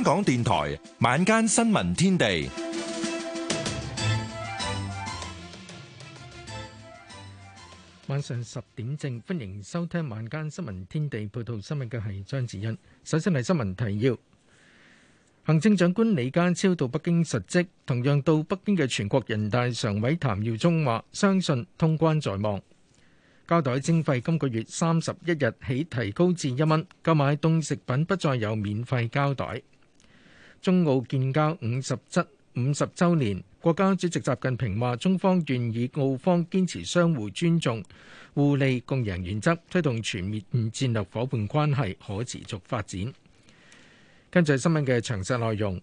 香港電台晚間新聞天地，晚上十點正，歡迎收聽晚間新聞天地，報道新聞嘅係張子欣。首先係新聞提要：行政長官李家超到北京述職，同樣到北京嘅全國人大常委譚耀宗話，相信通關在望。膠袋徵費今個月三十一日起提高至一蚊，購買凍食品不再有免費膠袋。中澳建交五十七五十周年，國家主席習近平話中方願與澳方堅持相互尊重、互利共贏原則，推動全面五戰略伙伴關係可持續發展。跟住新聞嘅詳細內容，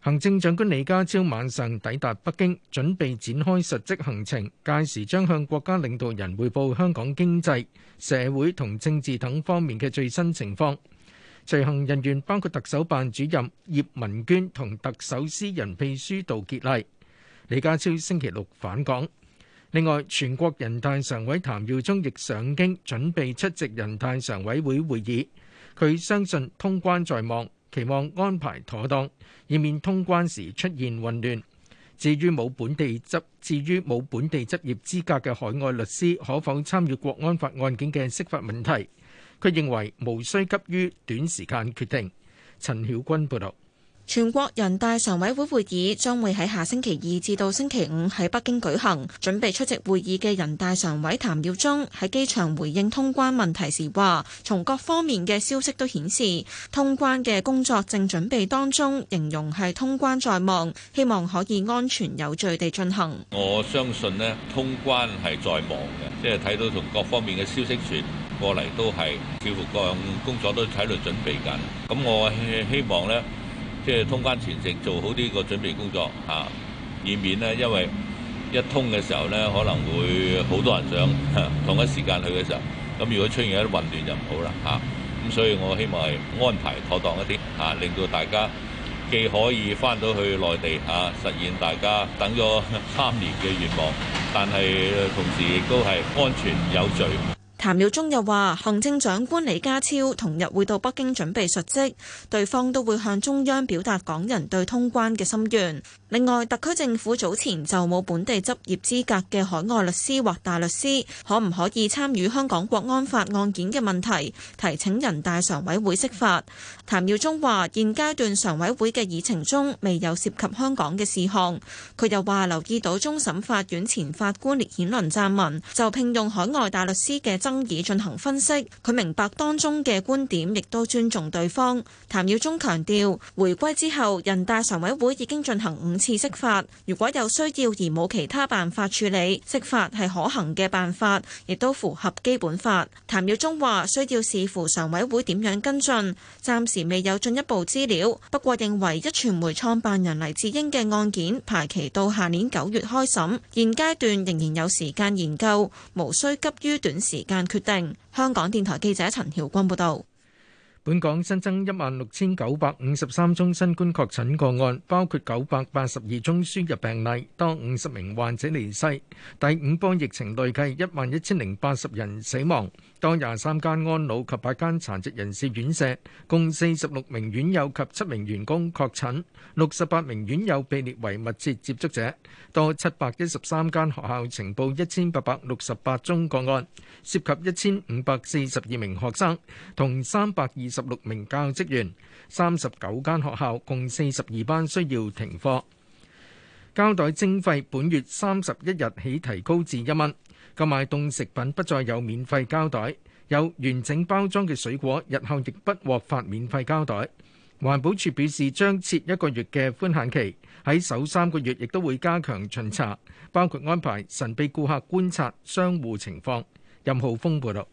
行政長官李家超晚上抵達北京，準備展開實質行程，屆時將向國家領導人匯報香港經濟、社會同政治等方面嘅最新情況。隨行人員包括特首辦主任葉文娟同特首私人秘書杜杰麗。李家超星期六返港。另外，全國人大常委譚耀宗亦上京準備出席人大常委會會議。佢相信通關在望，期望安排妥當，以免通關時出現混亂。至於冇本地執，至於冇本地執業資格嘅海外律師可否參與國安法案件嘅釋法問題，佢認為無需急於短時間決定。陳曉君報道。全國人大常委會會議將會喺下星期二至到星期五喺北京舉行。準備出席會議嘅人大常委譚耀宗喺機場回應通關問題時話，從各方面嘅消息都顯示通關嘅工作正準備當中，形容係通關在望，希望可以安全有序地進行。我相信呢，通關係在忙嘅，即係睇到從各方面嘅消息傳過嚟都係，似乎各樣工作都喺度準備緊，咁我希望呢。即係通關前程做好呢個準備工作嚇、啊，以免呢，因為一通嘅時候呢可能會好多人想、啊、同一時間去嘅時候，咁、啊、如果出現一啲混亂就唔好啦嚇。咁、啊、所以我希望係安排妥當一啲嚇、啊，令到大家既可以翻到去內地嚇、啊、實現大家等咗三年嘅願望，但係同時亦都係安全有序。譚耀宗又話，行政長官李家超同日會到北京準備述職，對方都會向中央表達港人對通關嘅心願。另外，特區政府早前就冇本地執業資格嘅海外律師或大律師，可唔可以參與香港國安法案件嘅問題，提請人大常委會釋法，譚耀宗話，現階段常委會嘅議程中未有涉及香港嘅事項。佢又話留意到終審法院前法官烈顯倫撰文，就聘用海外大律師嘅責。已進行分析，佢明白當中嘅觀點，亦都尊重對方。譚耀宗強調，回歸之後，人大常委會已經進行五次釋法，如果有需要而冇其他辦法處理，釋法係可行嘅辦法，亦都符合基本法。譚耀宗話：需要視乎常委會點樣跟進，暫時未有進一步資料。不過認為一傳媒創辦人黎智英嘅案件排期到下年九月開審，現階段仍然有時間研究，無需急於短時間決定。香港電台記者陳曉君報道，本港新增一萬六千九百五十三宗新冠確診個案，包括九百八十二宗輸入病例，多五十名患者離世。第五波疫情累計一萬一千零八十人死亡。多廿三間安老及八間殘疾人士院舍，共四十六名院友及七名員工確診，六十八名院友被列為密切接觸者。多七百一十三間學校呈報一千八百六十八宗個案，涉及一千五百四十二名學生同三百二十六名教職員。三十九間學校共四十二班需要停課。交代徵費本月三十一日起提高至一蚊。購買凍食品不再有免費膠袋，有完整包裝嘅水果，日後亦不獲發免費膠袋。環保署表示將設一個月嘅寬限期，喺首三個月亦都會加強巡查，包括安排神秘顧客觀察商戶情況。任浩峯報導，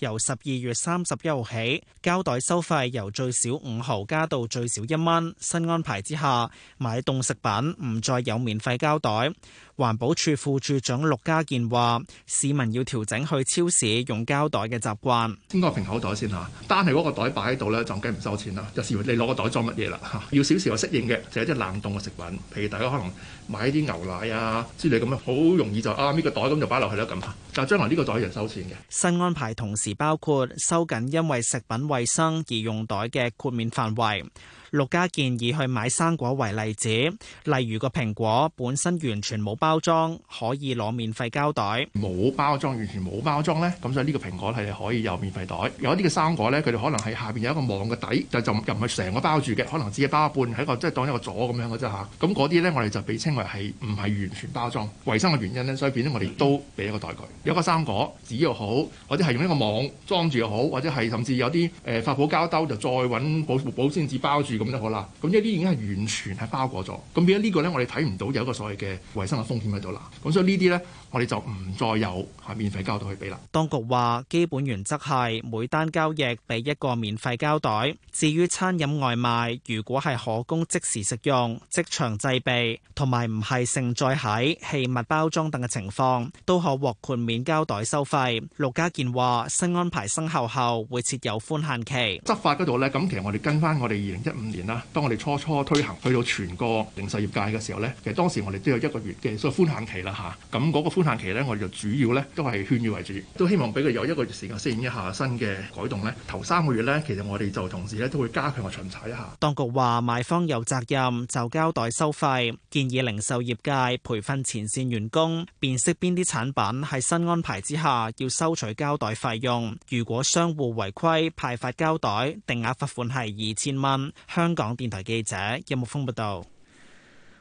由十二月三十一號起，膠袋收費由最少五毫加到最少一蚊。新安排之下，買凍食品唔再有免費膠袋。環保署副署長陸家健話：市民要調整去超市用膠袋嘅習慣，應該個平口袋先吓。單係嗰個袋擺喺度咧，就唔驚唔收錢啦。有時你攞個袋裝乜嘢啦，吓要少少適應嘅，就係啲冷凍嘅食品，譬如大家可能買啲牛奶啊之類咁樣，好容易就啊呢個袋咁就擺落去啦咁。但係將來呢個袋一樣收錢嘅。新安排同時包括收緊因為食品衛生而用袋嘅豁免範圍。陸家健以去買生果為例子，例如個蘋果本身完全冇包。包包裝可以攞免費膠袋，冇包裝，完全冇包裝呢。咁所以呢個蘋果係可以有免費袋。有一啲嘅生果呢，佢哋可能係下邊有一個網嘅底，但就又唔係成個包住嘅，可能只係包一半，係一個即係當一個咗咁樣嘅啫嚇。咁嗰啲呢，我哋就被稱為係唔係完全包裝，衞生嘅原因呢，所以變咗我哋都俾一個袋句。有個生果紙又好，或者係用一個網裝住又好，或者係甚至有啲誒發泡膠兜就再揾保保鮮紙包住咁都好啦。咁呢啲已經係完全係包裹咗。咁變咗呢個呢，我哋睇唔到有一個所謂嘅衞生嘅喺度啦，咁所以呢啲咧。我哋就唔再有免費膠袋去俾啦。當局話基本原則係每單交易俾一個免費膠袋。至於餐飲外賣，如果係可供即時食用、即場製備，同埋唔係盛載喺器物包裝等嘅情況，都可獲豁免膠袋收費。陸家健話新安排生效後會設有寬限期。執法嗰度呢，咁其實我哋跟翻我哋二零一五年啦，當我哋初初推行去到全個零售業界嘅時候呢，其實當時我哋都有一個月嘅所以寬限期啦嚇。咁嗰個寬限期咧，我哋就主要咧都係勸喻為主，都希望俾佢有一個月時間適應一下新嘅改動咧。頭三個月咧，其實我哋就同時咧都會加強個巡查一下。當局話買方有責任就膠袋收費，建議零售業界培訓前線員工辨識邊啲產品係新安排之下要收取膠袋費用。如果商戶違規派發膠袋，定額罰款係二千蚊。香港電台記者任木風報道。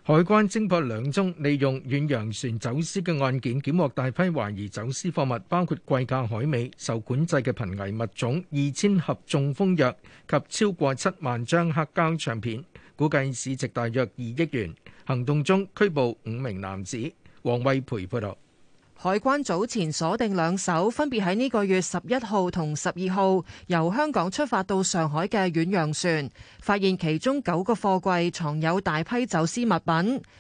海關偵破兩宗利用遠洋船走私嘅案件，檢獲大批懷疑走私貨物，包括貴價海味、受管制嘅瀕危物種、二千盒中風藥及超過七萬張黑膠唱片，估計市值大約二億元。行動中拘捕五名男子。王惠培報道。海關早前鎖定兩艘分別喺呢個月十一號同十二號由香港出發到上海嘅遠洋船，發現其中九個貨櫃藏有大批走私物品。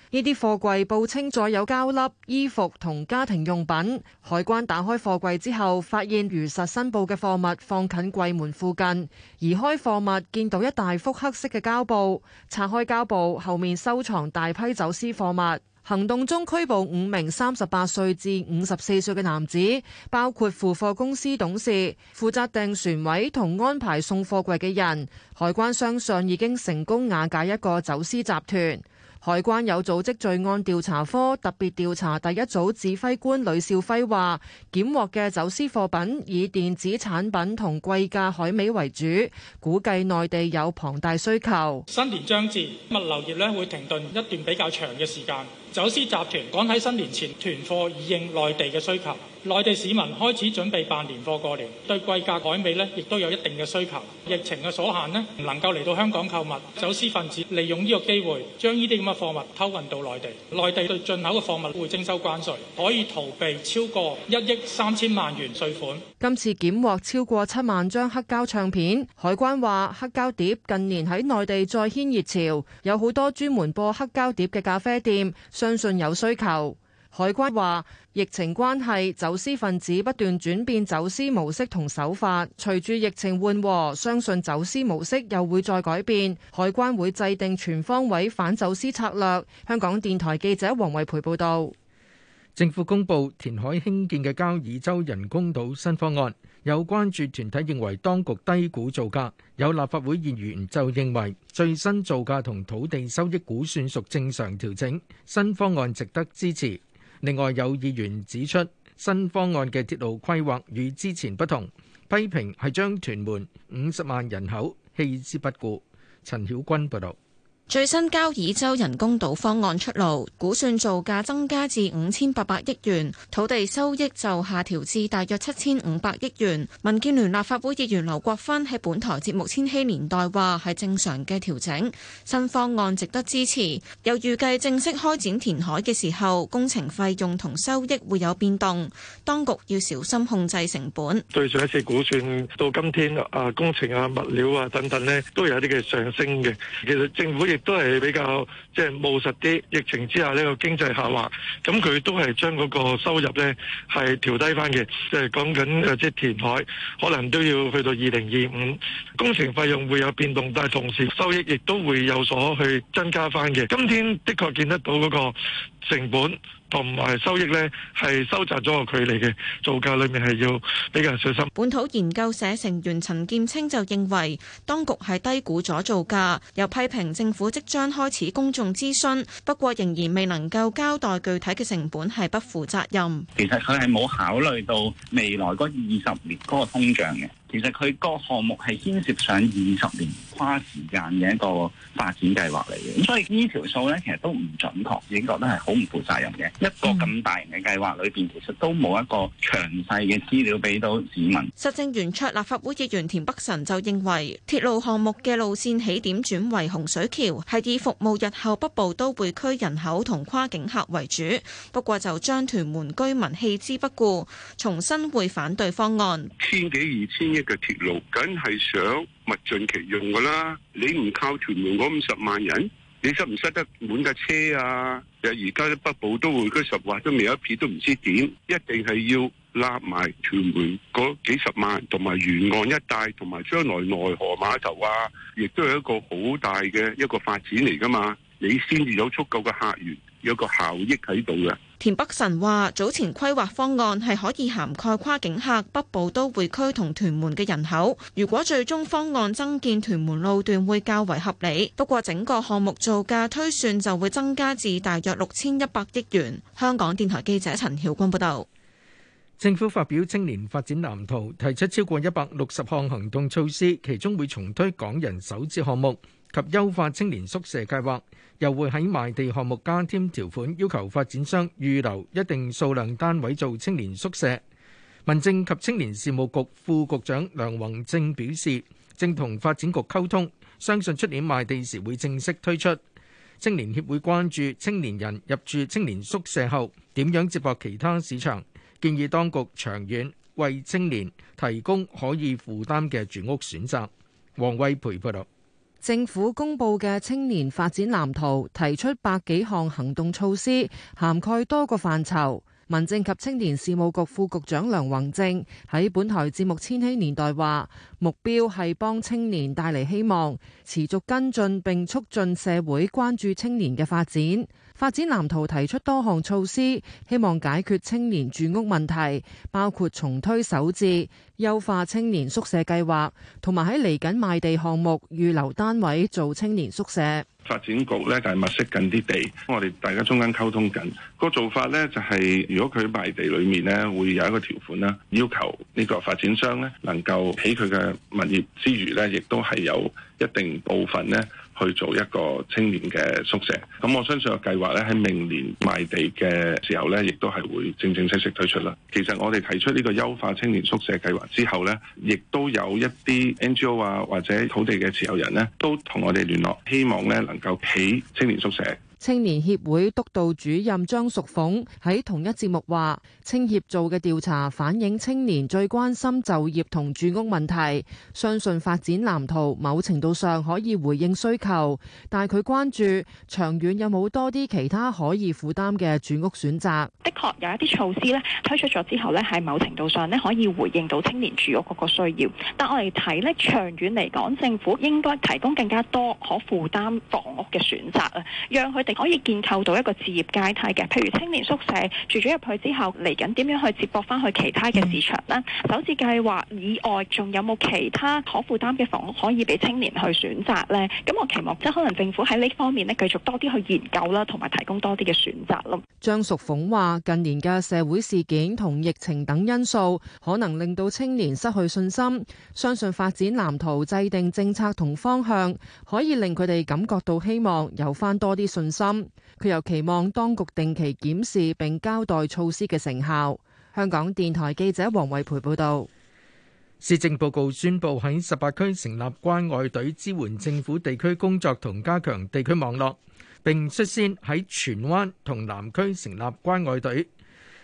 呢啲貨櫃報稱載有膠粒、衣服同家庭用品。海關打開貨櫃之後，發現如實申報嘅貨物放近櫃門附近，移開貨物見到一大幅黑色嘅膠布，拆開膠布後面收藏大批走私貨物。行動中拘捕五名三十八歲至五十四歲嘅男子，包括付貨公司董事、負責訂船位同安排送貨櫃嘅人。海關相信已經成功瓦解一個走私集團。海關有組織罪案調查科特別調查第一組指揮官呂少輝話，檢獲嘅走私貨品以電子產品同貴價海味為主，估計內地有龐大需求。新年將至，物流業呢會停頓一段比較長嘅時間。走私集團趕喺新年前囤貨以應內地嘅需求，內地市民開始準備辦年貨過年，對貴價海味呢亦都有一定嘅需求。疫情嘅所限呢，唔能夠嚟到香港購物，走私分子利用呢個機會，將呢啲咁嘅貨物偷運到內地。內地對進口嘅貨物會徵收關稅，可以逃避超過一億三千萬元稅款。今次檢獲超過七萬張黑膠唱片，海關話黑膠碟近年喺內地再掀熱潮，有好多專門播黑膠碟嘅咖啡店，相信有需求。海關話疫情關係，走私分子不斷轉變走私模式同手法，隨住疫情緩和，相信走私模式又會再改變。海關會制定全方位反走私策略。香港電台記者黃慧培報道。政府公布填海興建嘅交椅洲人工島新方案，有關注團體認為當局低估造價，有立法會議員就認為最新造價同土地收益估算屬正常調整，新方案值得支持。另外有議員指出新方案嘅鐵路規劃與之前不同，批評係將屯門五十萬人口棄之不顧。陳曉君報道。最新交椅洲人工島方案出爐，估算造價增加至五千八百億元，土地收益就下調至大約七千五百億元。民建聯立法會議員劉國勳喺本台節目《千禧年代》話係正常嘅調整，新方案值得支持。又預計正式開展填海嘅時候，工程費用同收益會有變動，當局要小心控制成本。對上一次估算到今天啊，工程啊、物料啊等等呢，都有一啲嘅上升嘅。其實政府亦～都係比較即係務實啲，疫情之下呢個經濟下滑，咁佢都係將嗰個收入呢係調低翻嘅。即係講緊即係填海，可能都要去到二零二五，工程費用會有變動，但係同時收益亦都會有所去增加翻嘅。今天的確見得到嗰個。成本同埋收益呢，係收窄咗個距離嘅，造價裏面係要比較小心。本土研究社成員陳劍青就認為，當局係低估咗造價，又批評政府即將開始公眾諮詢，不過仍然未能夠交代具體嘅成本，係不負責任。其實佢係冇考慮到未來嗰二十年嗰個通脹嘅，其實佢個項目係牽涉上二十年。花時間嘅一個發展計劃嚟嘅，所以呢條數咧，其實都唔準確，已經覺得係好唔負責任嘅。一個咁大型嘅計劃裏邊，其實都冇一個詳細嘅資料俾到市民。實政圓桌立法會議員田北辰就認為，鐵路項目嘅路線起點轉為洪水橋，係以服務日後北部都會區人口同跨境客為主。不過就將屯門居民棄之不顧，重新會反對方案。千幾二千億嘅鐵路，緊係想。物盡其用噶啦，你唔靠屯門嗰五十萬人，你塞唔塞得滿架車啊？而家啲北部都會區十劃都未有一撇都唔知點，一定係要拉埋屯門嗰幾十萬，同埋沿岸一帶，同埋將來內河碼頭啊，亦都係一個好大嘅一個發展嚟噶嘛，你先至有足夠嘅客源，有個效益喺度嘅。田北辰話，早前規劃方案係可以涵蓋跨境客、北部都會區同屯門嘅人口。如果最終方案增建屯門路段，會較為合理。不過整個項目造價推算就會增加至大約六千一百億元。香港電台記者陳曉君報道。政府發表青年發展藍圖，提出超過一百六十項行動措施，其中會重推港人首置項目。及優化青年宿舍計劃，又會喺賣地項目加添條款，要求發展商預留一定數量單位做青年宿舍。民政及青年事務局副局長梁宏正表示，正同發展局溝通，相信出年賣地時會正式推出。青年協會關注青年人入住青年宿舍後點樣接駁其他市場，建議當局長遠為青年提供可以負擔嘅住屋選擇。王惠培報道。政府公布嘅青年發展藍圖提出百幾項行動措施，涵蓋多個範疇。民政及青年事務局副局長梁宏正喺本台節目《千禧年代》話，目標係幫青年帶嚟希望，持續跟進並促進社會關注青年嘅發展。發展藍圖提出多項措施，希望解決青年住屋問題，包括重推首置、優化青年宿舍計劃，同埋喺嚟緊賣地項目預留單位做青年宿舍。發展局咧就係物色緊啲地，我哋大家中間溝通緊、嗰個做法咧就係、是，如果佢賣地裏面咧會有一個條款啦，要求呢個發展商咧能夠喺佢嘅物業之餘咧，亦都係有一定部分咧。去做一個青年嘅宿舍，咁我相信個計劃咧喺明年賣地嘅時候咧，亦都係會正正式式推出啦。其實我哋提出呢個優化青年宿舍計劃之後咧，亦都有一啲 NGO 啊或者土地嘅持有人咧，都同我哋聯絡，希望咧能夠起青年宿舍。青年協會督導主任張淑鳳喺同一節目話，青協做嘅調查反映青年最關心就業同住屋問題，相信發展藍圖某程度上可以回應需求，但係佢關注長遠有冇多啲其他可以負擔嘅住屋選擇。的確有一啲措施咧推出咗之後咧，喺某程度上咧可以回應到青年住屋嗰個需要，但我哋睇咧長遠嚟講，政府應該提供更加多可負擔房屋嘅選擇啊，讓佢。可以建構到一個置業階梯嘅，譬如青年宿舍住咗入去之後，嚟緊點樣去接駁翻去其他嘅市場呢？首次計劃以外，仲有冇其他可負擔嘅房屋可以俾青年去選擇呢？咁我期望即係可能政府喺呢方面呢，繼續多啲去研究啦，同埋提供多啲嘅選擇咯。張淑鳳話：近年嘅社會事件同疫情等因素，可能令到青年失去信心。相信發展藍圖、制定政策同方向，可以令佢哋感覺到希望有，有翻多啲信心，佢又期望當局定期檢視並交代措施嘅成效。香港電台記者黃惠培報道。施政報告宣布喺十八區成立關愛隊，支援政府地區工作同加強地區網絡，並率先喺荃灣同南區成立關愛隊。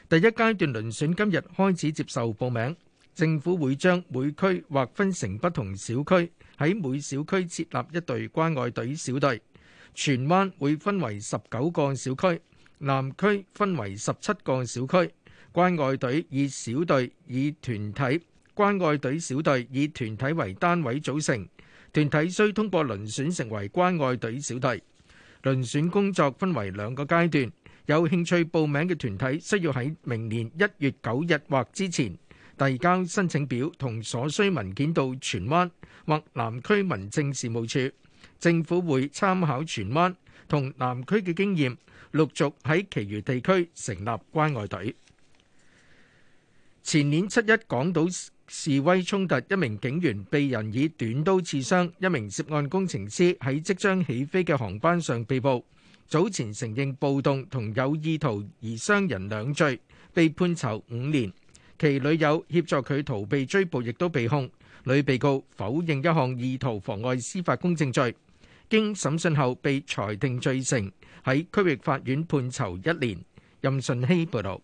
第一階段遴選今日開始接受報名，政府會將每區劃分成不同小區，喺每小區設立一隊關愛隊小隊。荃灣會分為十九個小區，南區分為十七個小區。關愛隊以小隊以團體，關愛隊小隊以團體為單位組成。團體需通過遴選成為關愛隊小隊。遴選工作分為兩個階段，有興趣報名嘅團體需要喺明年一月九日或之前遞交申請表同所需文件到荃灣或南區民政事務處。政府會參考荃灣同南區嘅經驗，陸續喺其餘地區成立關愛隊。前年七一港島示威衝突，一名警員被人以短刀刺傷，一名涉案工程師喺即將起飛嘅航班上被捕。早前承認暴動同有意圖而傷人兩罪，被判囚五年。其女友協助佢逃避追捕，亦都被控。女被告否認一項意圖妨礙司法公正罪。經審訊後被裁定罪成，喺區域法院判囚一年。任順希報道，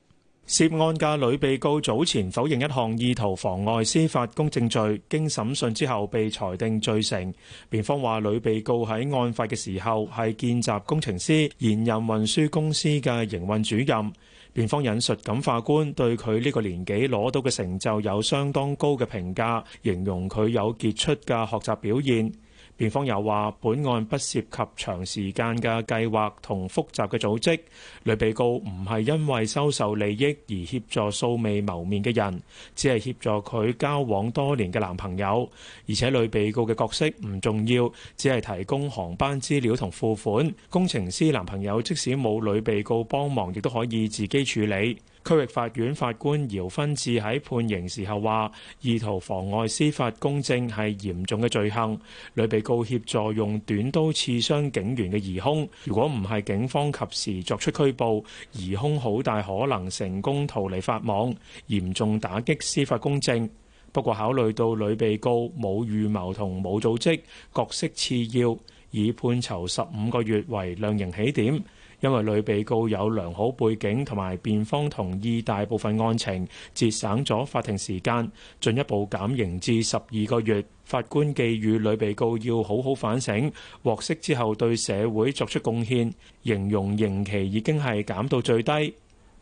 涉案嘅女被告早前否認一項意圖妨礙司法公正罪，經審訊之後被裁定罪成。辯方話，女被告喺案發嘅時候係見習工程師，現任運輸公司嘅營運主任。辯方引述感化官對佢呢個年紀攞到嘅成就有相當高嘅評價，形容佢有傑出嘅學習表現。辯方又話：本案不涉及長時間嘅計劃同複雜嘅組織，女被告唔係因為收受利益而協助素未謀面嘅人，只係協助佢交往多年嘅男朋友。而且女被告嘅角色唔重要，只係提供航班資料同付款。工程師男朋友即使冇女被告幫忙，亦都可以自己處理。區域法院法官姚芬智喺判刑時候話，意圖妨礙司法公正係嚴重嘅罪行。女被告協助用短刀刺傷警員嘅疑兇，如果唔係警方及時作出拘捕，疑兇好大可能成功逃離法網，嚴重打擊司法公正。不過考慮到女被告冇預謀同冇組織，角色次要，以判囚十五個月為量刑起點。因為女被告有良好背景同埋辯方同意大部分案情，節省咗法庭時間，進一步減刑至十二個月。法官寄語女被告要好好反省，獲釋之後對社會作出貢獻，形容刑期已經係減到最低。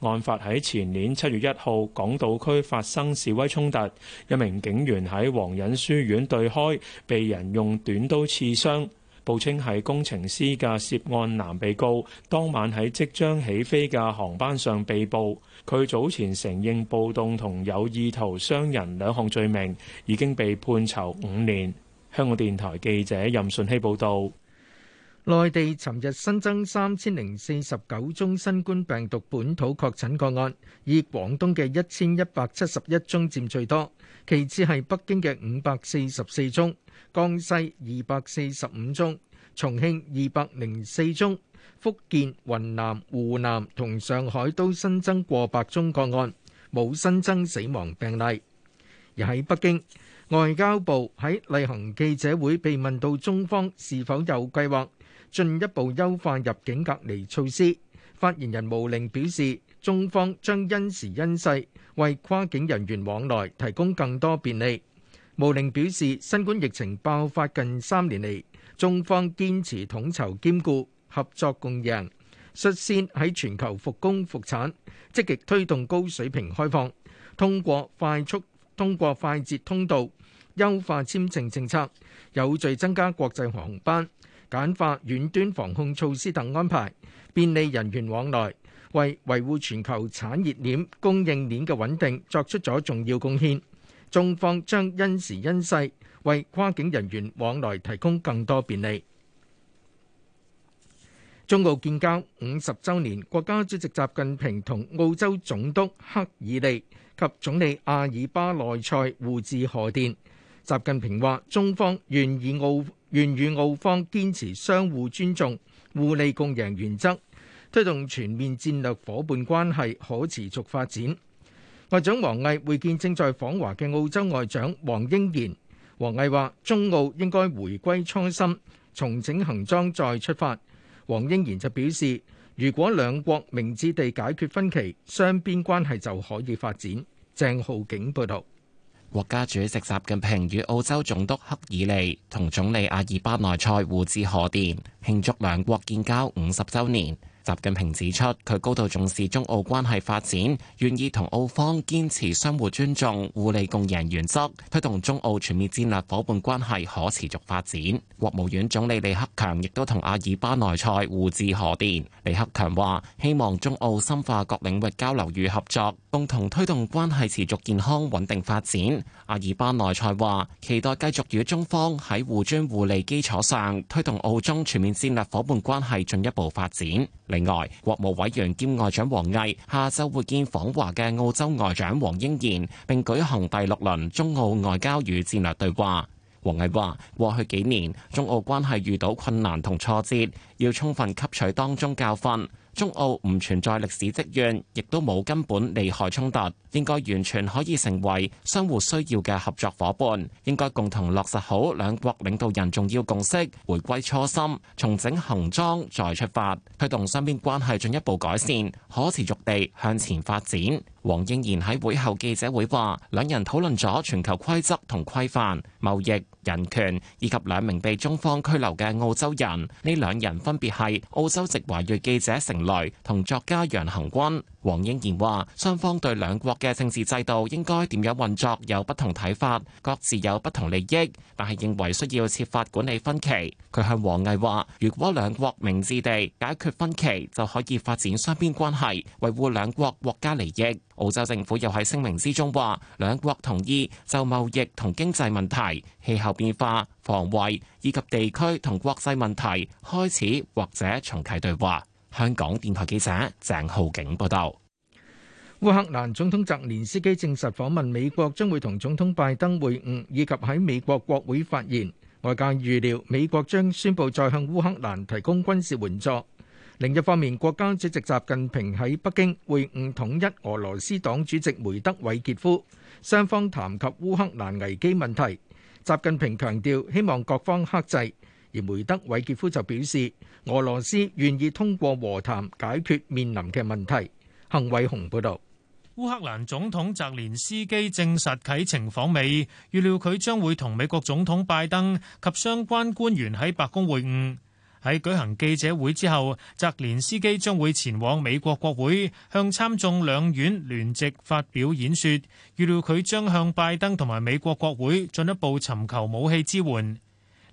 案發喺前年七月一號，港島區發生示威衝突，一名警員喺皇仁書院對開被人用短刀刺傷。報稱係工程師嘅涉案男被告，當晚喺即將起飛嘅航班上被捕。佢早前承認暴動同有意圖傷人兩項罪名，已經被判囚五年。香港電台記者任順熙報道。內地尋日新增三千零四十九宗新冠病毒本土確診個案，以廣東嘅一千一百七十一宗佔最多。其次係北京嘅五百四十四宗，江西二百四十五宗，重慶二百零四宗，福建、雲南、湖南同上海都新增過百宗個案，冇新增死亡病例。而喺北京，外交部喺例行記者會被問到中方是否有計劃進一步優化入境隔離措施，發言人毛寧表示。中方將因時因勢為跨境人員往來提供更多便利。毛寧表示，新冠疫情爆發近三年嚟，中方堅持統籌兼顧、合作共贏，率先喺全球復工復產，積極推動高水平開放，通過快速、通過快捷通道、優化簽證政策、有序增加國際航班、簡化遠端防控措施等安排，便利人員往來。為維護全球產業鏈、供應鏈嘅穩定作出咗重要貢獻，中方將因時因勢為跨境人員往來提供更多便利。中澳建交五十周年，國家主席習近平同澳洲總督克爾利及總理阿爾巴內塞互致賀電。習近平話：中方願意澳願與澳方堅持相互尊重、互利共贏原則。推動全面戰略夥伴關係可持續發展。外長王毅會見正在訪華嘅澳洲外長黃英賢。王毅話：中澳應該回歸初心，重整行裝再出發。黃英賢就表示，如果兩國明智地解決分歧，雙邊關係就可以發展。鄭浩景報道。國家主席習近平與澳洲總督克爾利同總理阿爾巴內塞互致賀電，慶祝兩國建交五十周年。習近平指出，佢高度重視中澳關係發展，願意同澳方堅持相互尊重、互利共贏原則，推動中澳全面戰略伙伴關係可持續發展。國務院總理李克強亦都同阿爾巴內塞互致賀電。李克強話：希望中澳深化各領域交流與合作，共同推動關係持續健康穩定發展。阿爾巴內塞話：期待繼續與中方喺互尊互利基礎上，推動澳中全面戰略伙伴關係進一步發展。另外，國務委員兼外長王毅下晝會見訪華嘅澳洲外長黃英賢，並舉行第六輪中澳外交與戰略對話。王毅話：過去幾年，中澳關係遇到困難同挫折，要充分吸取當中教訓。中澳唔存在歷史積怨，亦都冇根本利害衝突，應該完全可以成為相互需要嘅合作伙伴。應該共同落實好兩國領導人重要共識，回歸初心，重整行裝再出發，推動雙邊關係進一步改善，可持續地向前發展。黃英賢喺會後記者會話，兩人討論咗全球規則同規範、貿易、人權以及兩名被中方拘留嘅澳洲人。呢兩人分別係澳洲籍華裔記者成蕾同作家楊恒均。黃英賢話：雙方對兩國嘅政治制度應該點樣運作有不同睇法，各自有不同利益，但係認為需要設法管理分歧。佢向王毅話：如果兩國明智地解決分歧，就可以發展雙邊關係，維護兩國國家利益。澳洲政府又喺聲明之中話：兩國同意就貿易同經濟問題、氣候變化、防衛以及地區同國際問題開始或者重啟對話。香港電台記者鄭浩景報道：烏克蘭總統澤連斯基證實訪問美國，將會同總統拜登會晤，以及喺美國國會發言。外界預料美國將宣布再向烏克蘭提供軍事援助。另一方面，國家主席習近平喺北京會晤統一俄羅斯黨主席梅德韋傑夫，雙方談及烏克蘭危機問題。習近平強調希望各方克制，而梅德韋傑夫就表示。俄羅斯願意通過和談解決面臨嘅問題。彭偉雄報導，烏克蘭總統澤連斯基證實啟程訪美，預料佢將會同美國總統拜登及相關官員喺白宮會晤。喺舉行記者會之後，澤連斯基將會前往美國國會，向參眾兩院聯席發表演說。預料佢將向拜登同埋美國國會進一步尋求武器支援。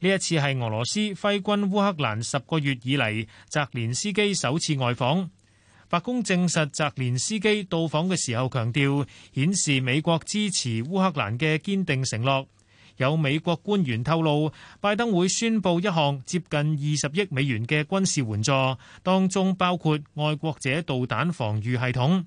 呢一次係俄羅斯揮軍烏克蘭十個月以嚟，澤連斯基首次外訪。白宮證實，澤連斯基到訪嘅時候強調，顯示美國支持烏克蘭嘅堅定承諾。有美國官員透露，拜登會宣布一項接近二十億美元嘅軍事援助，當中包括愛國者導彈防禦系統。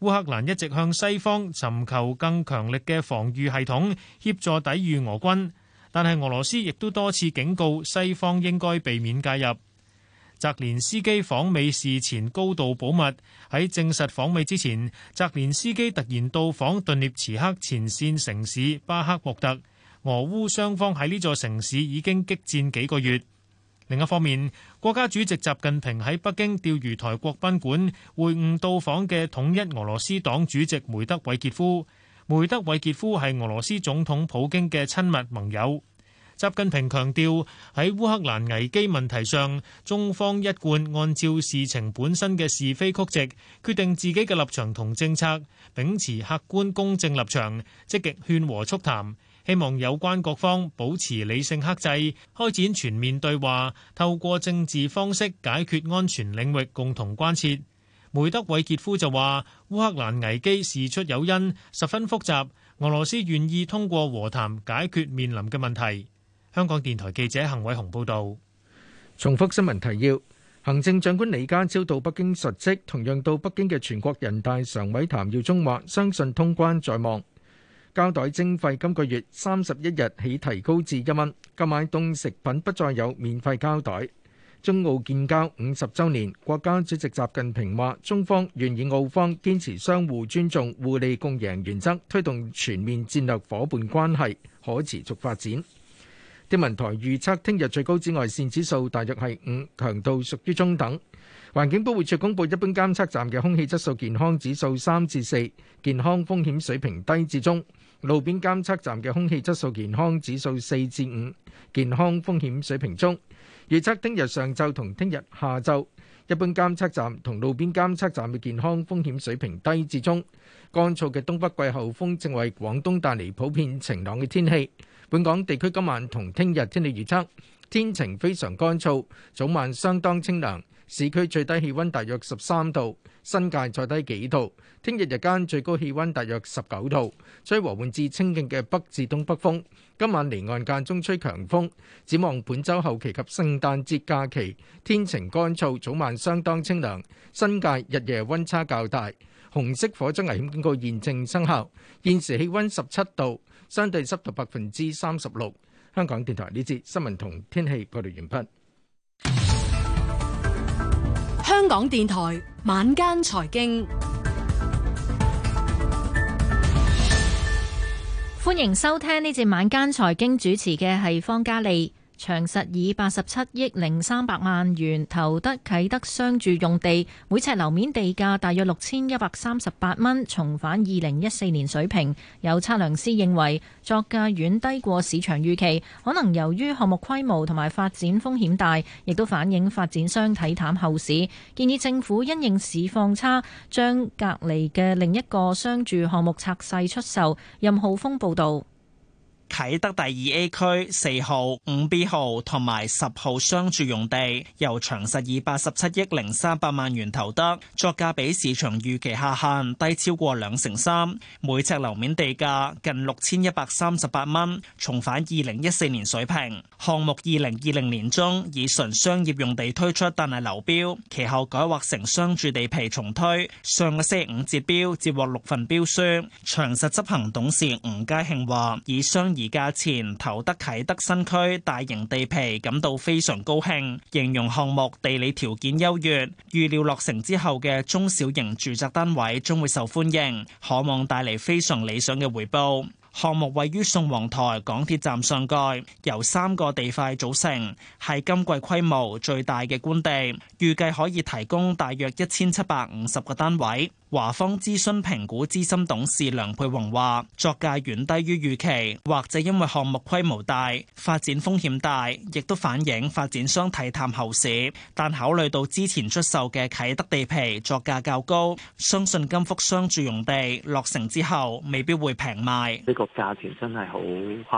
烏克蘭一直向西方尋求更強力嘅防禦系統，協助抵禦俄軍。但係俄羅斯亦都多次警告西方應該避免介入。澤連斯基訪美事前高度保密，喺證實訪美之前，澤連斯基突然到訪頓涅茨克前線城市巴克莫特。俄烏雙方喺呢座城市已經激戰幾個月。另一方面，國家主席習近平喺北京釣魚台國賓館會晤到訪嘅統一俄羅斯黨主席梅德韋傑夫。梅德韋傑夫係俄羅斯總統普京嘅親密盟友。習近平強調喺烏克蘭危機問題上，中方一貫按照事情本身嘅是非曲直，決定自己嘅立場同政策，秉持客觀公正立場，積極勸和促談，希望有關各方保持理性克制，開展全面對話，透過政治方式解決安全領域共同關切。梅德韋傑夫就話：烏克蘭危機事出有因，十分複雜。俄羅斯願意通過和談解決面臨嘅問題。香港電台記者幸偉雄報導。重複新聞提要：行政長官李家超到北京述職，同樣到北京嘅全國人大常委譚耀宗話：相信通關在望。膠袋徵費今個月三十一日起提高至一蚊，購買凍食品不再有免費膠袋。中澳建交五十周年，國家主席習近平話，中方願以澳方堅持相互尊重、互利共贏原則，推動全面戰略夥伴關係可持續發展。天文台預測，聽日最高紫外線指數大約係五，強度屬於中等。環境保護署公布一般監測站嘅空氣質素健康指數三至四，健康風險水平低至中。路邊監測站嘅空氣質素健康指數四至五，健康風險水平中。預測聽日上晝同聽日下晝，一般監測站同路邊監測站嘅健康風險水平低至中。乾燥嘅東北季候風正為廣東帶嚟普遍晴朗嘅天氣。本港地區今晚同聽日天氣預測，天晴非常乾燥，早晚相當清涼。市區最低氣温大約十三度，新界再低幾度。聽日日間最高氣温大約十九度，吹和緩至清勁嘅北至東北風。今晚離岸間中吹強風。展望本週後期及聖誕節假期，天晴乾燥，早晚相當清涼。新界日夜温差較大。紅色火災危險警告現正生效。現時氣温十七度，相對濕度百分之三十六。香港電台呢節新聞同天氣報道完畢。香港電台晚間財經，歡迎收聽呢節晚間財經，主持嘅係方嘉莉。長實以八十七億零三百萬元投得啟德商住用地，每尺樓面地價大約六千一百三十八蚊，重返二零一四年水平。有測量師認為，作價遠低過市場預期，可能由於項目規模同埋發展風險大，亦都反映發展商睇淡後市。建議政府因應市況差，將隔離嘅另一個商住項目拆細出售。任浩峰報導。啟德第二 A 區四號、五 B 號同埋十號商住用地，由長實以八十七億零三百萬元投得，作價比市場預期下限低超過兩成三，每尺樓面地價近六千一百三十八蚊，重返二零一四年水平。項目二零二零年中以純商業用地推出，但係流標，其後改劃成商住地皮重推。上個星期五接標，接獲六份標書。長實執行董事吳嘉慶話，以商而價錢投得啟德新區大型地皮，感到非常高興，形容項目地理條件優越，預料落成之後嘅中小型住宅單位將會受歡迎，可望帶嚟非常理想嘅回報。項目位於宋皇台港鐵站上蓋，由三個地塊組成，係今季規模最大嘅官地，預計可以提供大約一千七百五十個單位。華方諮詢評估資深董事梁佩宏話：作價遠低於預期，或者因為項目規模大、發展風險大，亦都反映發展商睇淡後市。但考慮到之前出售嘅啟德地皮作價較高，相信金福商住用地落成之後，未必會平賣。呢個價錢真係好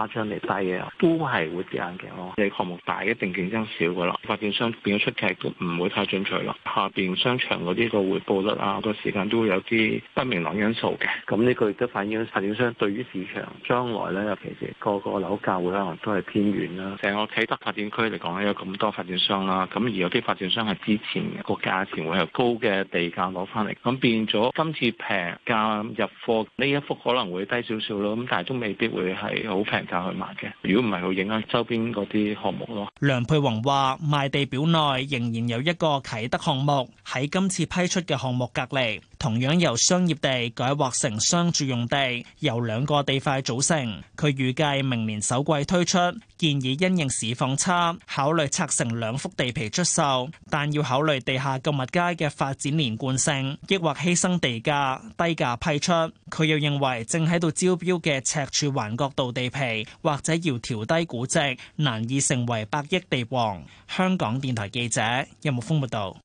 誇張地低嘅，都係會跌眼鏡咯。你項目大，一定競爭少噶啦，發展商變咗出劇都唔會太進取啦。下邊商場嗰啲個回報率啊，個時間都。會有啲不明朗因素嘅，咁呢個亦都反映發展商對於市場將來咧，尤其係個個樓價會可能都係偏軟啦。成個啟德發展區嚟講咧，有咁多發展商啦，咁而有啲發展商係之前個價錢會係高嘅地價攞翻嚟，咁變咗今次平價入貨呢一幅可能會低少少咯。咁但係都未必會係好平價去買嘅。如果唔係，會影響周邊嗰啲項目咯。梁佩宏話：賣地表內仍然有一個啟德項目喺今次批出嘅項目隔離。同樣由商業地改劃成商住用地，由兩個地塊組成。佢預計明年首季推出，建議因應市況差，考慮拆成兩幅地皮出售，但要考慮地下購物街嘅發展連貫性，抑或犧牲地價低價批出。佢又認為正喺度招標嘅赤柱環角道地皮，或者要調低估值，難以成為百億地王。香港電台記者任木峯報道。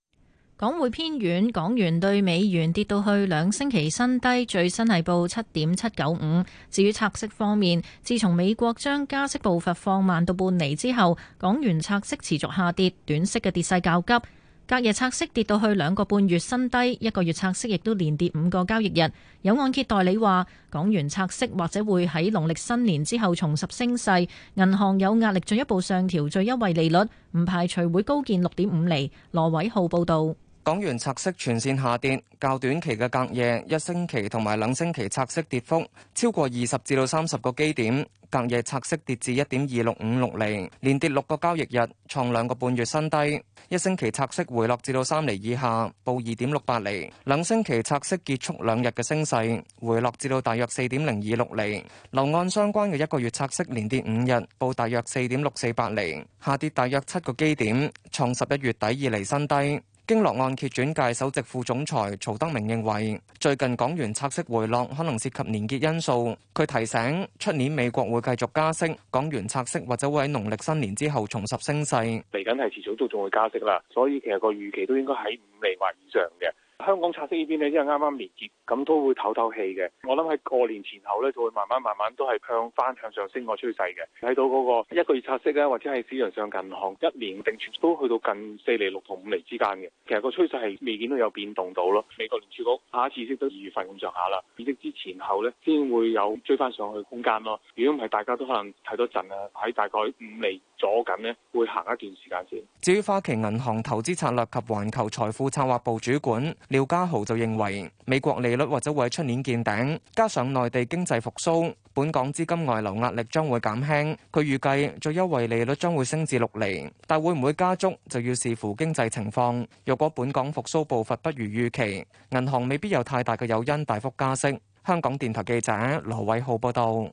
港匯偏軟，港元兌美元跌到去兩星期新低，最新係報七點七九五。至於拆息方面，自從美國將加息步伐放慢到半厘之後，港元拆息持續下跌，短息嘅跌勢較急。隔夜拆息跌到去兩個半月新低，一個月拆息亦都連跌五個交易日。有按揭代理話，港元拆息或者會喺農曆新年之後重拾升勢，銀行有壓力進一步上調最優惠利率，唔排除會高見六點五厘。羅偉浩報道。港元拆息全線下跌，較短期嘅隔夜、一星期同埋兩星期拆息跌幅超過二十至到三十個基點。隔夜拆息跌至一點二六五六厘，連跌六個交易日，創兩個半月新低。一星期拆息回落至到三厘以下，報二點六八厘。兩星期拆息結束兩日嘅升勢，回落至到大約四點零二六厘，樓按相關嘅一個月拆息連跌五日，報大約四點六四八厘，下跌大約七個基點，創十一月底以嚟新低。經絡按揭轉介首席副總裁曹德明認為，最近港元拆息回落可能涉及年結因素。佢提醒，出年美國會繼續加息，港元拆息或者會喺農曆新年之後重拾升勢。嚟緊係遲早都仲會加息啦，所以其實個預期都應該喺五厘或以上嘅。香港拆息呢邊呢，因為啱啱連接，咁都會透透氣嘅。我諗喺過年前後咧，就會慢慢慢慢都係向翻向上升個趨勢嘅。睇到嗰個一個月拆息咧，或者喺市場上銀行一年定存都去到近四厘六同五厘之間嘅。其實個趨勢係未見到有變動到咯。美國聯儲局下一次升到二月份咁上下啦，升息之前後咧，先會有追翻上去空間咯。如果唔係，大家都可能睇多陣啦。喺大概五厘左近呢會行一段時間先。至於花旗銀行投資策略及環球財富策劃部主管。廖家豪就認為，美國利率或者會喺出年見頂，加上內地經濟復甦，本港資金外流壓力將會減輕。佢預計最優惠利率將會升至六厘，但會唔會加速就要視乎經濟情況。若果本港復甦步伐不如預期，銀行未必有太大嘅誘因大幅加息。香港電台記者羅偉浩報道。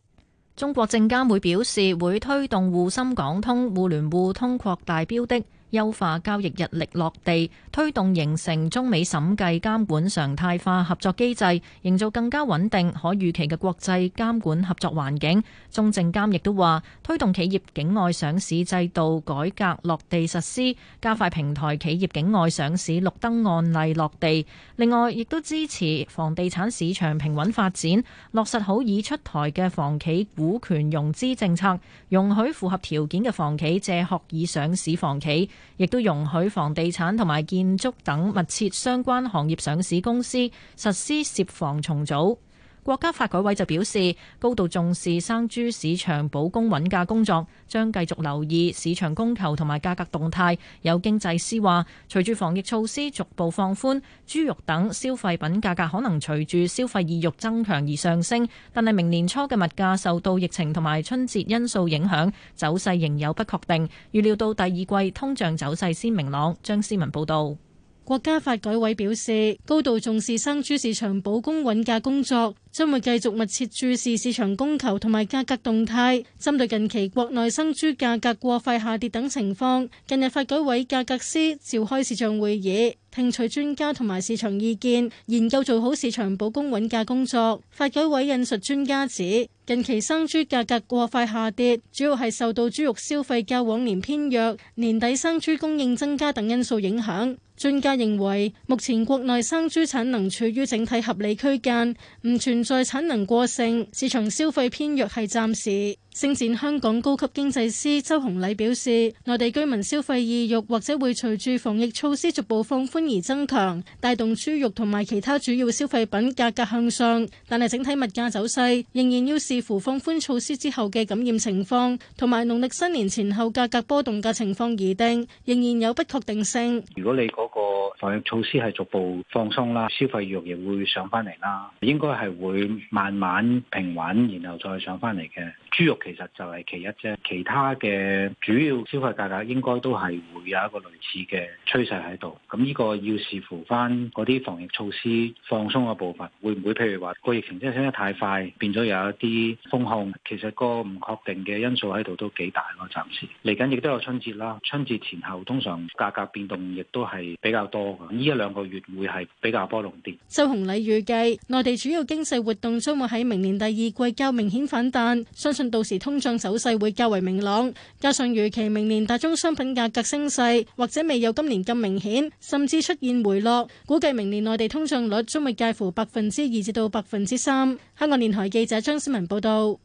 中國證監會表示，會推動滬深港通互聯互通擴大標的。優化交易日曆落地，推動形成中美審計監管常態化合作機制，營造更加穩定、可預期嘅國際監管合作環境。中證監亦都話，推動企業境外上市制度改革落地實施，加快平台企業境外上市綠燈案例落地。另外，亦都支持房地產市場平穩發展，落實好已出台嘅房企股權融資政策，容許符合條件嘅房企借殼已上市房企。亦都容許房地產同埋建築等密切相關行業上市公司實施涉房重組。國家發改委就表示，高度重視生豬市場保供穩價工作，將繼續留意市場供求同埋價格動態。有經濟師話，隨住防疫措施逐步放寬，豬肉等消費品價格可能隨住消費意欲增強而上升，但係明年初嘅物價受到疫情同埋春節因素影響，走勢仍有不確定。預料到第二季通脹走勢先明朗。張思文報導。國家發改委表示，高度重視生豬市場保供穩價工作，將會繼續密切注視市場供求同埋價格動態。針對近期國內生豬價格過快下跌等情況，近日發改委價格司召開市場會議，聽取專家同埋市場意見，研究做好市場保供穩價工作。發改委引述專家指，近期生豬價格過快下跌，主要係受到豬肉消費較往年偏弱、年底生豬供應增加等因素影響。專家認為，目前國內生豬產能處於整體合理區間，唔存在產能過剩，市場消費偏弱係暫時。星展香港高級經濟師周洪禮表示，內地居民消費意欲或者會隨住防疫措施逐步放寬而增強，帶動豬肉同埋其他主要消費品價格向上。但係整體物價走勢仍然要視乎放寬措施之後嘅感染情況同埋農曆新年前後價格波動嘅情況而定，仍然有不確定性。如果你嗰個防疫措施係逐步放鬆啦，消費意欲亦會上返嚟啦，應該係會慢慢平穩，然後再上返嚟嘅。豬肉其實就係其一啫，其他嘅主要消費價格應該都係會有一個類似嘅趨勢喺度。咁呢個要視乎翻嗰啲防疫措施放鬆嘅部分，會唔會譬如話個疫情真係升得太快，變咗有一啲封控，其實個唔確定嘅因素喺度都幾大咯。暫時嚟緊亦都有春節啦，春節前後通常價格變動亦都係比較多嘅，呢一兩個月會係比較波動啲。周紅禮預計內地主要經濟活動將會喺明年第二季較明顯反彈，相信。到時通脹走勢會較為明朗，加上預期明年大宗商品價格升勢或者未有今年咁明顯，甚至出現回落，估計明年內地通脹率將會介乎百分之二至到百分之三。香港電台記者張思文報導，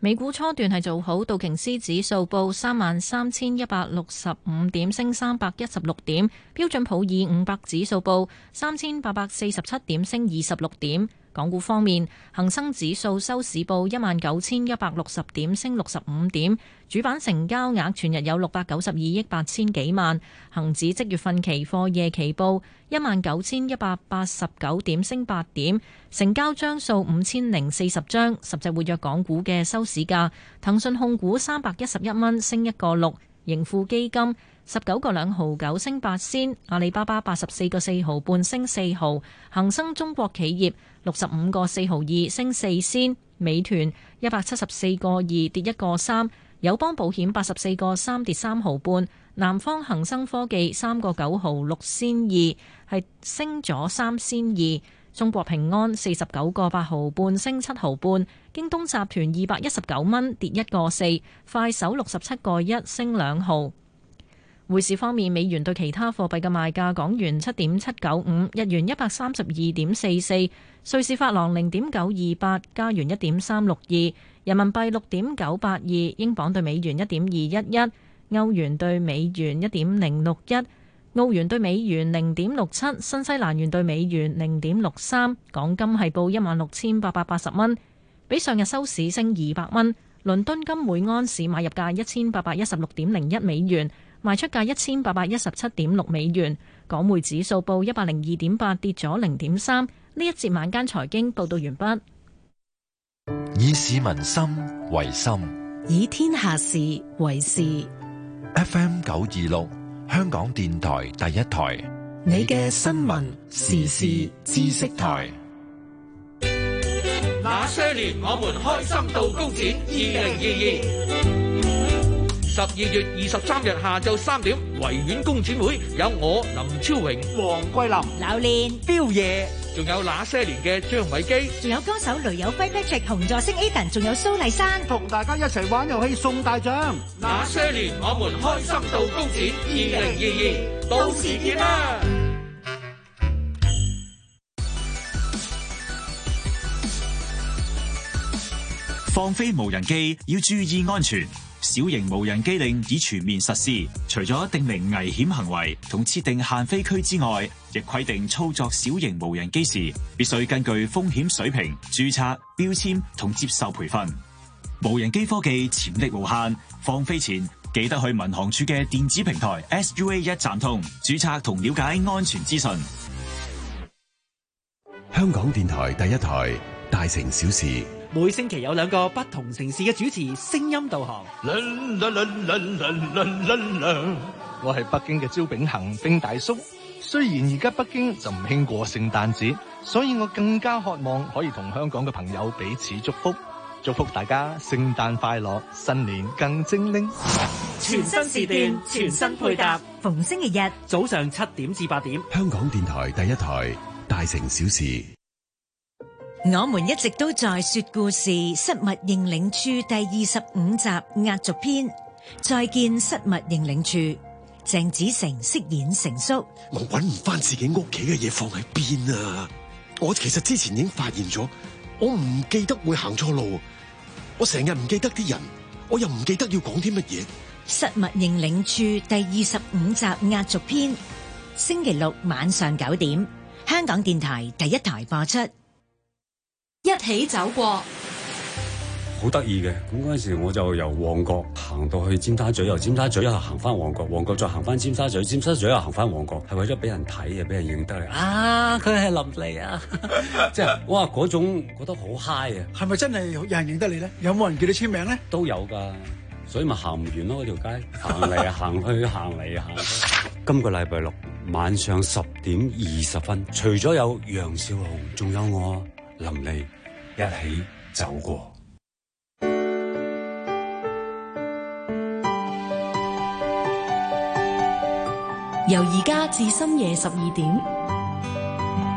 美股初段係做好，道瓊斯指數報三萬三千一百六十五點，升三百一十六點；標準普爾五百指數報三千八百四十七點，升二十六點。港股方面，恒生指數收市報一萬九千一百六十點，升六十五點。主板成交額全日有六百九十二億八千幾萬。恒指即月份期貨夜期報一萬九千一百八十九點，升八點，成交張數五千零四十張，十隻活躍港股嘅收市價，騰訊控股三百一十一蚊，升一個六，盈富基金。十九個兩毫九升八仙，阿里巴巴八十四個四毫半升四毫，恒生中國企業六十五個四毫二升四仙，美團一百七十四個二跌一個三，友邦保險八十四個三跌三毫半，南方恒生科技三個九毫六仙二，係升咗三仙二，中國平安四十九個八毫半升七毫半，京東集團二百一十九蚊跌一個四，快手六十七個一升兩毫。匯市方面，美元對其他貨幣嘅賣價：港元七點七九五，日元一百三十二點四四，瑞士法郎零點九二八，加元一點三六二，人民幣六點九八二，英鎊對美元一點二一一，歐元對美元一點零六一，澳元對美元零點六七，新西蘭元對美元零點六三。港金係報一萬六千八百八十蚊，比上日收市升二百蚊。倫敦金每安士買入價一千八百一十六點零一美元。賣出價一千八百一十七點六美元，港匯指數報 8, 3, 一百零二點八，跌咗零點三。呢一節晚間財經報道完畢。以市民心為心，以天下事為事。F M 九二六，香港電台第一台，你嘅新聞時事知識台。那些年我們開心到高尖，二零二二。十二月二十三日下晝三點，維園公展會有我林超榮、黃桂林、劉念、彪爺，仲有那些年嘅張偉基，仲有歌手雷友輝 Patrick、同座星 Ethan，仲有蘇麗珊，同大家一齊玩遊戲送大獎。那些年我們開心到公展，二零二二到時見啦！放飛無人機要注意安全。小型無人機令已全面實施，除咗定明危險行為同設定限飛區之外，亦規定操作小型無人機時必須根據風險水平注冊標籤同接受培訓。無人機科技潛力無限，放飛前記得去民航處嘅電子平台 SUA 一站通注冊同了解安全資訊。香港電台第一台大城小事。每星期有兩個不同城市嘅主持聲音導航。我係北京嘅招炳恒冰大叔。雖然而家北京就唔興過聖誕節，所以我更加渴望可以同香港嘅朋友彼此祝福，祝福大家聖誕快樂，新年更精靈。全新時段，全新配搭，逢星期日早上七點至八點，香港電台第一台大城小事。我們一直都在說故事，失物認領處第二十五集壓軸篇，再見失物認領處。鄭子誠飾演成叔。我揾唔返自己屋企嘅嘢放喺邊啊？我其實之前已經發現咗，我唔記得會行錯路，我成日唔記得啲人，我又唔記得要講啲乜嘢。失物認領處第二十五集壓軸篇，星期六晚上九點，香港電台第一台播出。起走過，好得意嘅。咁嗰陣時我就由旺角行到去尖沙咀，由尖沙咀又行翻旺角，旺角再行翻尖沙咀，尖沙咀又行翻旺角，係為咗俾人睇啊，俾人認得你啊！佢係林莉啊，即 係、就是、哇，嗰種覺得好嗨啊！係咪真係有人認得你咧？有冇人叫你簽名咧？都有噶，所以咪行唔完咯，啊。嗰條街行嚟行去，行嚟行去。今個禮拜六晚上十點二十分，除咗有楊少雄，仲有我林莉。一起走過，由而家至深夜十二點，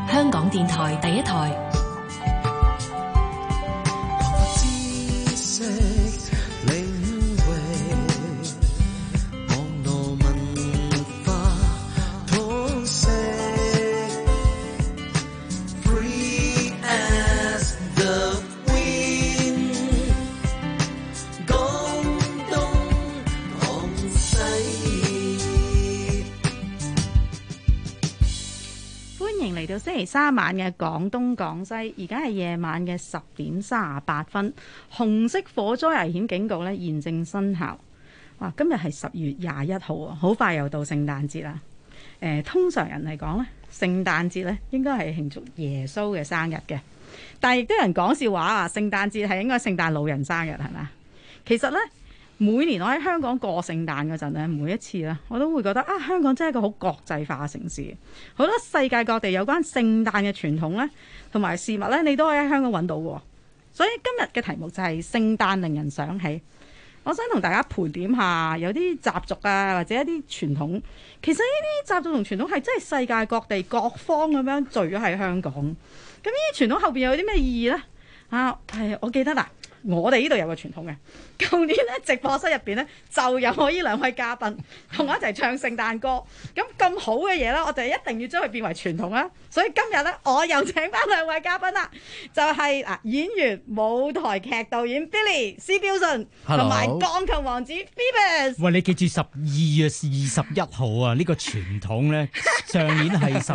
香港電台第一台。歡迎嚟到星期三晚嘅廣東廣西，而家係夜晚嘅十點三十八分，紅色火災危險警告呢現正生效。哇，今日係十月廿一號啊，好快又到聖誕節啦。誒、呃，通常人嚟講咧，聖誕節咧應該係慶祝耶穌嘅生日嘅，但係亦都有人講笑話話，聖誕節係應該聖誕老人生日係咪啊？其實呢。每年我喺香港過聖誕嗰陣咧，每一次咧，我都會覺得啊，香港真係一個好國際化嘅城市。好多世界各地有關聖誕嘅傳統咧，同埋事物咧，你都可以喺香港揾到。所以今日嘅題目就係聖誕令人想起。我想同大家盤點下有啲習俗啊，或者一啲傳統，其實呢啲習俗同傳統係真係世界各地各方咁樣聚咗喺香港。咁呢啲傳統後邊有啲咩意義呢？啊，係、哎、我記得啦。我哋呢度有個傳統嘅。舊年咧，直播室入邊咧就有我呢兩位嘉賓同我一齊唱聖誕歌，咁咁 好嘅嘢啦，我就一定要將佢變為傳統啊！所以今日咧，我又請翻兩位嘉賓啦，就係、是、啊演員舞台劇導演 Billy Cbilson 同埋鋼琴王子 Phoebus，喂，你記住十二月二十一號啊！ 個呢個傳統咧上演係。